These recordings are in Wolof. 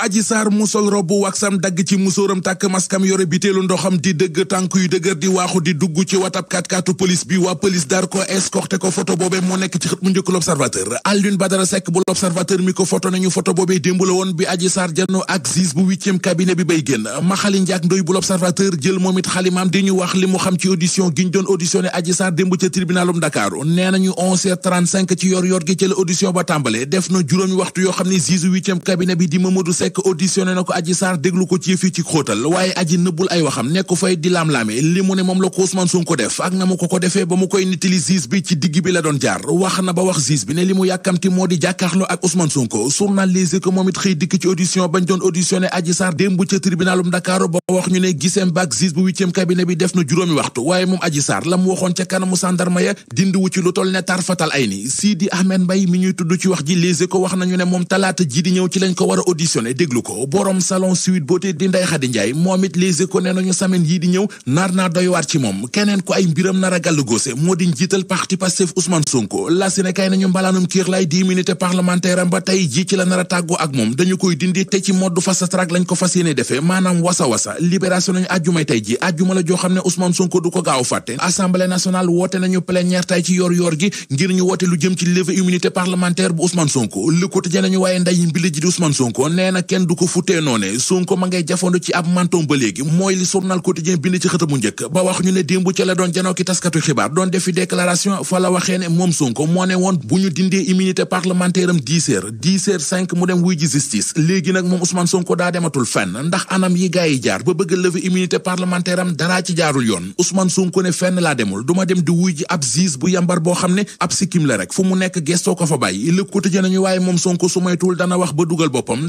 aji saar mu sol robu waxam dagg ci musóoram tàkk maskam yore biteelu ndoxam di dëgg tànk yu dëgër di waaxu di dugg ci watab katkaatu police bi waa police dar ko escorté ko photo boobee moo nekk ci xët mu njëkk l'observateur Alioune Badara Seck bu l'observateur mi ko photo nañu photo boobee démb la woon bi aji saar ak gis bu huitième cabinet bi bay génn maxali njaak ndoy bu l'observateur jël moom it xalimaam di ñu wax li mu xam ci audition um ba tàmbale def Seck auditionné na ko Adji Sarr déglu ko ci yëf yi ci xóotal waaye aji nëbbul ay waxam nekk ko fay di laam-laame li mu ne moom la ko Ousmane Sonko def ak na mu ko ko defee ba mu koy nittali zis bi digg bi la doon jaar wax na ba wax zis bi ne li mu yàkkamti moo di jàkkaarloo ak Ousmane Sonko journal Les Échos moom it xëy dikk ci audition bañ doon auditionné Adji Sarr démb ca tribunalum Dakar ba wax ñu ne giseem baak zis bu huitième cabinet bi def na juróomi waxtu waaye moom Adji Sarr la mu waxoon ca kanamu sàndarma ya dindiwu ci lu toll ne tar fatal ay ni Sidi Ahmed Mbaye mi ñuy tudd ci wax ji Les Échos wax nañu ne moom talaata ji di ñëw ci lañ ko war a auditionné déglu ko borom salon Sweet Beauté di Ndeye Khady Ndiaye moom it les éco ne nañu semaine yii di ñëw nar naa doy waar ci moom keneen ko ay mbiram nar a moo di njiital parti Pastef Ousmane Sonko la si nañu mbalaanum kiir lay di immunité parlementaire ba tey ji ci la nar a ak moom dañu koy dindi te ci moddu fast track lañ ko fas yéene defee maanaam wasa wasa libération nañu àjjumay tey ji àjjuma joo xam ne Ousmane Sonko du ko gaaw kenn du ko futtee noone Sonko ma ngay jafandu ci ab manton ba léegi mooy li journal quotidien bind ci xëtamu njëkk ba wax ñu ne démb ca la doon janoo ki taskatu xibaar doon defi déclaration fa la waxee ne moom Sonko moo ne woon bu ñu dindee immunité parlementaire am 10 heures 10 heures 5 mu dem wuy ji justice léegi nag moom Ousmane Sonko daa dematul fenn ndax anam yi gaa yi jaar ba bëgg lever immunité parlementaire am daraa ci jaarul yoon Ousmane Sonko ne fenn laa demul duma dem di wuy ji ab zis bu yambar boo xam ne ab sikkim la rek fu mu nekk gestoo ko fa bàyyi Le Quotidien nañu waaye moom Sonko su maytuwul dana wax ba dugal boppam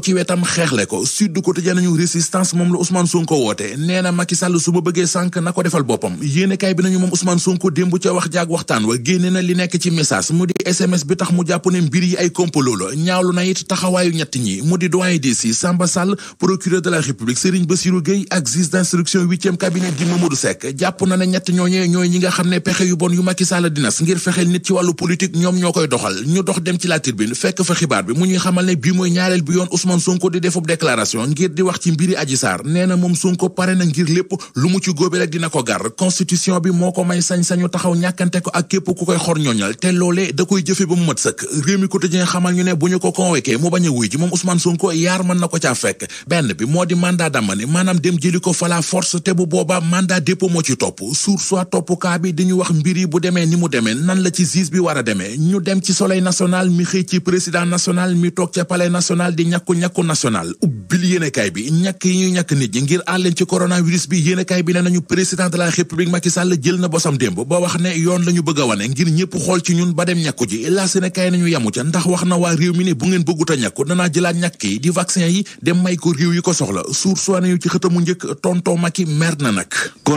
ci wetam xeexle ko sud du côté résistance moom la Ousmane Sonko woote nee na Macky su ma bëggee sànk na ko defal boppam yéenekaay bi nañu moom Ousmane Sonko démb ca wax jaag waxtaan wa génne na li nekk ci message mu di SMS bi tax mu jàpp ne mbir yi ay complot ñaawlu na taxawaayu ñett ñi mu di doyen des si Samba procureur de la République Serigne Bassirou Gueye ak juge d'instruction huitième cabinet di Mamadou Seck jàpp na ne ñett ñoo Ousmane Sonko di defub déclaration ngir di wax ci mbiri Adji Sarr nee na moom Sonko pare na ngir lépp lu mu ci góobe rek dina ko gar constitution bi moo ko may sañ-sañu taxaw ñàkkante ko da koy jëfe ba mu mat a wuy dem jëli ko fa la te bu booba mandat dépôt ci topp sur soit topp kaa bi di ñu wax mbir bu demee ni mu demee nan la ci justice bi war a demee ñu dem ci soleil national mi xëy ci président national mi toog ca palais national di ñàkk ñàkku-ñàkku national ubbil yéenekaay bi ñàkk yi ñuy ñàkk nit ñi ngir àl leen ci coronavirus bi yéenekaay bi ne nañu président de la république Macky Sall jël na bosam démb ba wax ne yoon la ñu bëgg wane ngir ñëpp xool ci ñun ba dem ñàkku ji la séenekaay nañu yamu ca ndax wax na waa réew mi ne bu ngeen bëggut a ñàkku danaa jëlaat ñàkk yi di vaccin yi dem may ko réew yi ko soxla suur soi nañu ci xëtamu njëkk tonton Macky mer na nag